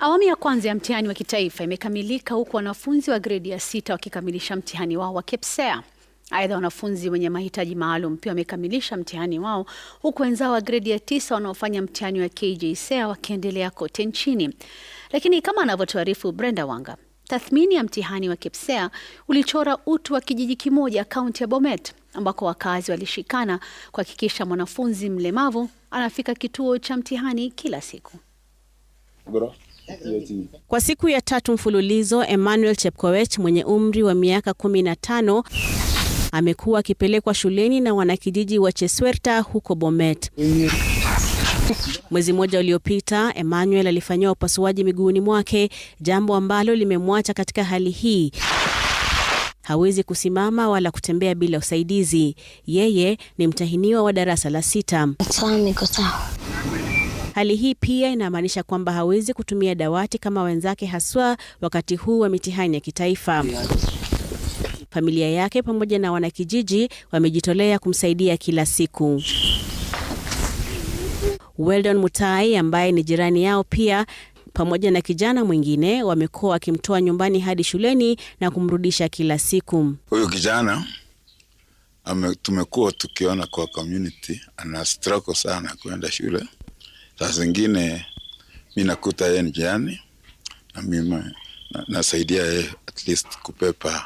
Awamu ya kwanza ya mtihani wa kitaifa imekamilika huku wanafunzi wa gredi ya sita wakikamilisha mtihani wao wa KPSEA. Aidha, wanafunzi wenye mahitaji maalum pia wamekamilisha mtihani wao huku wenzao wa gredi ya tisa wanaofanya mtihani wa KJSEA wakiendelea kote nchini. Lakini kama anavyotuarifu Brenda Wanga, tathmini ya mtihani wa KPSEA ulichora utu wa kijiji kimoja kaunti ya Bomet ambako wakazi walishikana kuhakikisha mwanafunzi mlemavu anafika kituo cha mtihani kila siku Good. Kwa siku ya tatu mfululizo, Emmanuel Chepkoech mwenye umri wa miaka 15 amekuwa akipelekwa shuleni na wanakijiji wa Cheswerta huko Bomet. Mwezi mmoja uliopita, Emmanuel alifanyiwa upasuaji miguuni mwake, jambo ambalo limemwacha katika hali hii. Hawezi kusimama wala kutembea bila usaidizi. Yeye ni mtahiniwa wa darasa la sita. Hali hii pia inamaanisha kwamba hawezi kutumia dawati kama wenzake, haswa wakati huu wa mitihani ya kitaifa. Familia yake pamoja na wanakijiji wamejitolea kumsaidia kila siku. Weldon Mutai ambaye ni jirani yao pia pamoja na kijana mwingine wamekuwa wakimtoa nyumbani hadi shuleni na kumrudisha kila siku. Huyu kijana ame, tumekuwa tukiona kwa community ana struggle sana kwenda shule Saa zingine mi nakuta yeye jirani na mimi nasaidia yeye at least kupepa.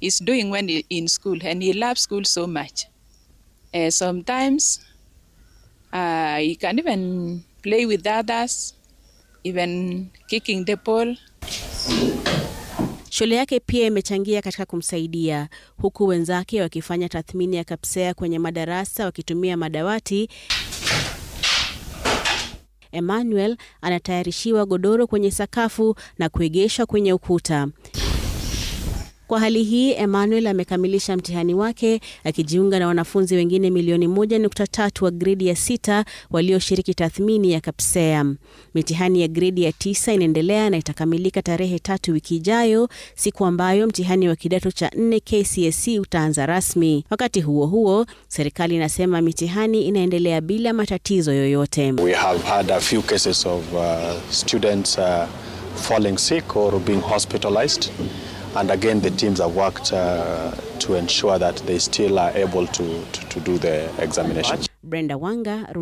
is doing well in school and he loves school so much. Uh, sometimes uh, he can even play with others, even kicking the ball. Shule yake pia imechangia katika kumsaidia huku wenzake wakifanya tathmini ya KAPSEA kwenye madarasa wakitumia madawati Emmanuel anatayarishiwa godoro kwenye sakafu na kuegeshwa kwenye ukuta. Kwa hali hii, Emmanuel amekamilisha mtihani wake akijiunga na wanafunzi wengine milioni 1.3 wa gredi ya sita walioshiriki tathmini ya KPSEA. Mitihani ya gredi ya tisa inaendelea na itakamilika tarehe tatu wiki ijayo, siku ambayo mtihani wa kidato cha nne KCSE utaanza rasmi. Wakati huo huo, serikali inasema mitihani inaendelea bila matatizo yoyote. We have had a few cases of, uh, students, uh, falling sick or being hospitalized and again the teams have worked uh, to ensure that they still are able to, to, to do the examination. Brenda Wanga